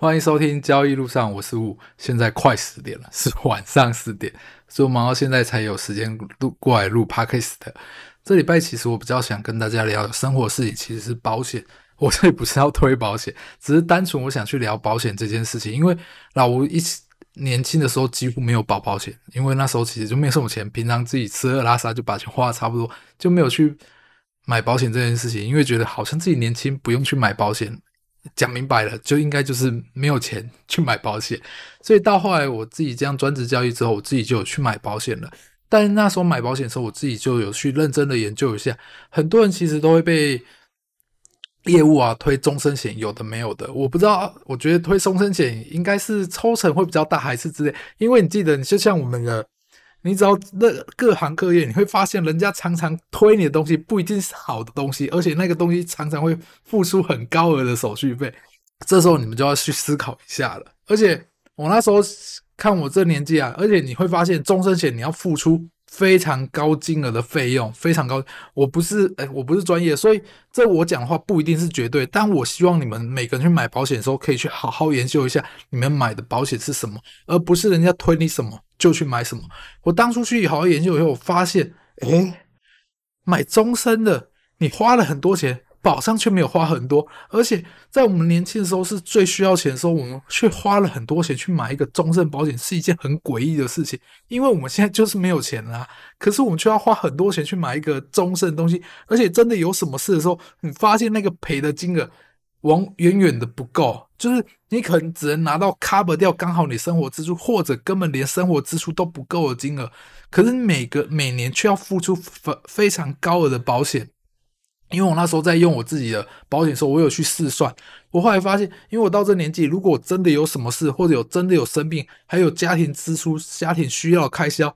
歡迎收聽交易路上，我是吳。現在快十點了，是晚上十點，所以我忙到現在才有時間錄過來錄 Podcast。這禮拜其實我比較想跟大家聊，聊生活事情，其實是保險。我這裡不是要推保險，只是單純我想去聊保險這件事情。因為老吳一年輕的時候幾乎沒有保保險，因為那時候其實就沒什麼錢，平常自己吃喝拉撒就把錢花得差不多，就沒有去買保險這件事情，因為覺得好像自己年輕不用去買保險。講明白了，就應該就是沒有錢去買保險，所以到後來我自己這樣專職交易之後，我自己就有去買保險了。但那時候買保險的時候，我自己就有去認真的研究一下，很多人其實都會被業務啊推終身險，有的沒有的，我不知道。我覺得推終身險應該是抽成會比較大，還是之類？因為你記得，你就像我們的。你只要那各行各業，你會發現人家常常推你的東西，不一定是好的東西，而且那個東西常常會付出很高額的手續費。這時候你們就要去思考一下了。而且我那時候看我這年紀啊，而且你會發現終身險你要付出。非常高金額的費用，非常高。我不是，哎，我不是專業，所以這我講的話不一定是絕對。但我希望你們每個人去買保險的時候，可以去好好研究一下你們買的保險是什麼，而不是人家推你什麼就去買什麼。我當初去好好研究以後，我發現，哎，買終身的，你花了很多錢。保障卻沒有花很多，而且在我們年輕的時候是最需要錢的時候，我們卻花了很多錢去買一個終身保險，是一件很詭異的事情。因為我們現在就是沒有錢啦、啊，可是我們卻要花很多錢去買一個終身的東西，而且真的有什麼事的時候，你發現那個賠的金額往往遠遠的不夠，就是你可能只能拿到 cover 掉剛好你生活支出，或者根本連生活支出都不夠的金額，可是每個每年卻要付出非非常高額的保險。因為我那時候在用我自己的保險的時候，我有去試算，我後來發現，因為我到這年紀，如果我真的有什麼事，或者有真的有生病，還有家庭支出、家庭需要開銷，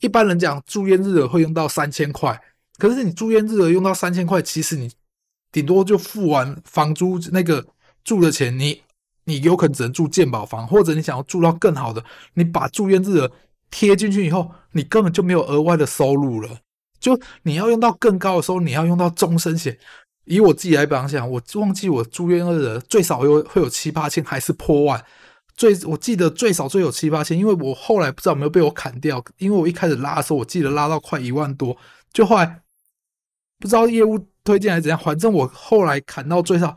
一般人講住院日額會用到三千塊，可是你住院日額用到三千塊，其實你頂多就付完房租那個住的錢，你你有可能只能住健保房，或者你想要住到更好的，你把住院日額貼進去以後，你根本就沒有額外的收入了。就你要用到更高的時候，你要用到終身險。以我自己來講，想我忘記我住院的最少有會有七八千，還是破萬？最我記得最少最有七八千，因為我後來不知道有沒有被我砍掉。因為我一開始拉的時候，我記得拉到快一萬多，就後來不知道業務推薦還是怎樣，反正我後來砍到最少，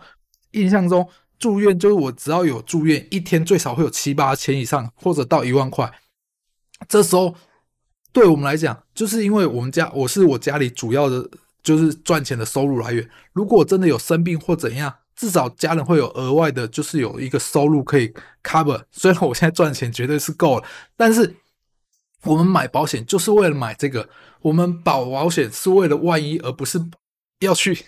印象中住院就是我只要有住院一天最少會有七八千以上，或者到一萬塊。這時候。對我們來講，就是因為我們家我是我家裡主要的，就是賺錢的收入來源。如果真的有生病或怎樣，至少家人會有額外的，就是有一個收入可以 cover。雖然我現在賺錢絕對是夠了，但是我們買保險就是為了買這個，我們保保險是為了萬一，而不是要去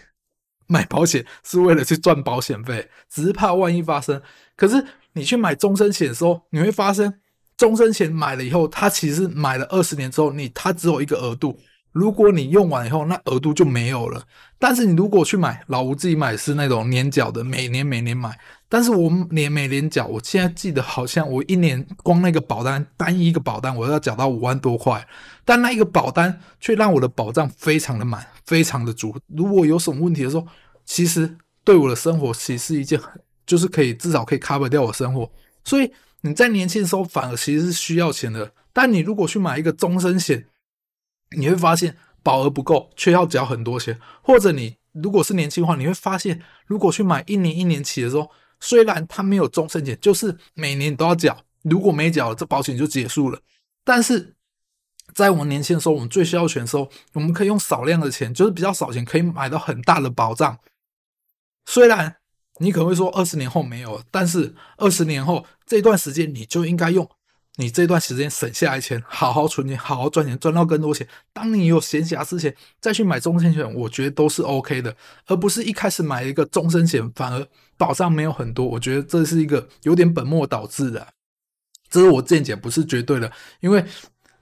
買保險是為了去賺保險費，只是怕萬一發生。可是你去買終身險的時候，你會發生。終身險買了以後，它其實買了二十年之後，你它只有一個額度，如果你用完以後，那額度就沒有了。但是你如果去買，老吳自己買是那種年繳的，每年每年買。但是我年每年繳，我現在記得好像我一年光那個保單單一個保單，我要繳到五萬多塊，但那一個保單卻讓我的保障非常的滿，非常的足。如果有什麼問題的時候，其實對我的生活其實是一件很，就是可以至少可以 cover 掉我的生活，所以。你在年輕的時候反而其實是需要錢的，但你如果去買一個終身險，你會發現保額不夠，卻要繳很多錢。或者你如果是年輕的話，你會發現如果去買一年一年期的時候，雖然它沒有終身險，就是每年都要繳，如果沒繳了，這保險就結束了。但是在我們年輕的時候，我們最需要錢的時候，我們可以用少量的錢，就是比較少錢，可以買到很大的保障。雖然。你可能會說，二十年後沒有，但是二十年後這段時間你就應該用你這段時間省下來錢，好好存錢，好好賺錢，賺到更多錢。當你有閒暇之前再去買終身險，我覺得都是 OK 的，而不是一開始買一個終身險，反而保障沒有很多。我覺得這是一個有點本末倒置的，這是我見解，不是絕對的，因為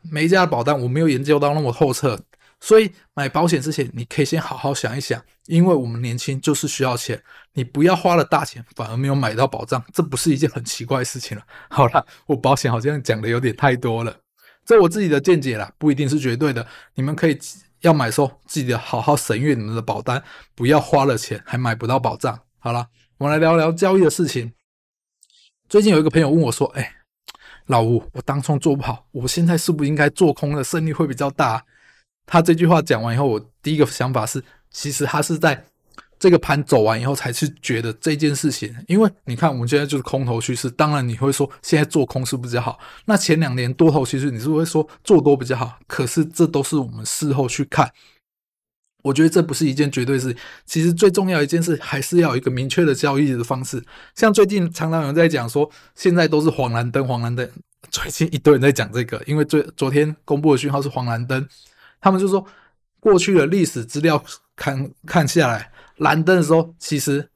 每一家的保單我沒有研究到那麼透徹。所以買保險之前，你可以先好好想一想，因為我們年輕就是需要錢，你不要花了大錢反而沒有買到保障，這不是一件很奇怪的事情了。好了，我保險好像講的有點太多了，這我自己的見解啦，不一定是絕對的，你們可以要買的時候記得好好審閱你們的保單，不要花了錢還買不到保障。好了，我們來聊聊交易的事情。最近有一個朋友問我說：“哎，老吳，我當初做不好，我現在是不是應該做空的勝率會比較大啊？”他這句話講完以後，我第一個想法是，其實他是在這個盤走完以後，才去覺得這件事情。因為你看，我們現在就是空頭趨勢，當然你會說，現在做空是不是比較好？那前兩年多頭趨勢，你是會說做多比較好。可是這都是我們事後去看，我覺得這不是一件絕對事。其實最重要的一件事，還是要有一個明確的交易的方式。像最近常常有人在講說，現在都是黃藍燈、黃藍燈。最近一堆人在講這個，因為最昨天公布的訊號是黃藍燈。他們就說，過去的歷史資料看看下來，藍燈的時候其實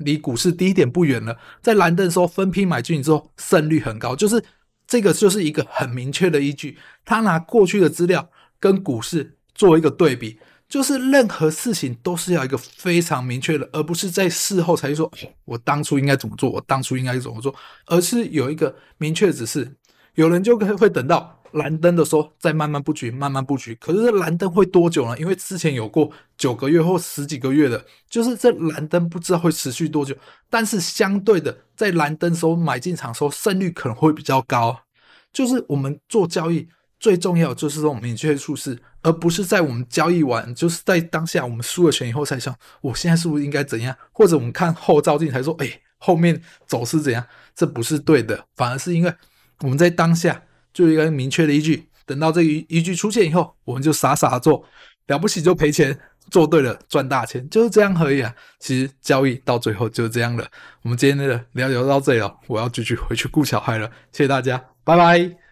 離股市低點不遠了。在藍燈的時候分批買進之後，勝率很高，就是這個就是一個很明確的依據。他拿過去的資料跟股市做一個對比，就是任何事情都是要一個非常明確的，而不是在事後才說，我當初應該怎麼做，我當初應該怎麼做，而是有一個明確的指示。有人就可能會等到。藍燈的時候再慢慢布局，慢慢布局。可是這藍燈會多久呢？因為之前有過九個月或十幾個月的，就是這藍燈不知道會持續多久。但是相對的，在藍燈時候買進場的時候勝率可能會比較高。就是我們做交易最重要的就是我們明確處事，而不是在我們交易完，就是在當下我們輸了錢以後才想我現在是不是應該怎樣，或者我們看後照鏡才說哎、欸、後面走勢怎樣？這不是對的，反而是因為我們在當下。就一個明確的依據，等到這一依據出現以後，我們就傻傻的做，了不起就賠錢，做對了，賺大錢，就是這樣而已啊！其實交易到最後就是這樣了。我們今天的聊聊到這裡了，我要繼續回去顧小孩了，謝謝大家，拜拜。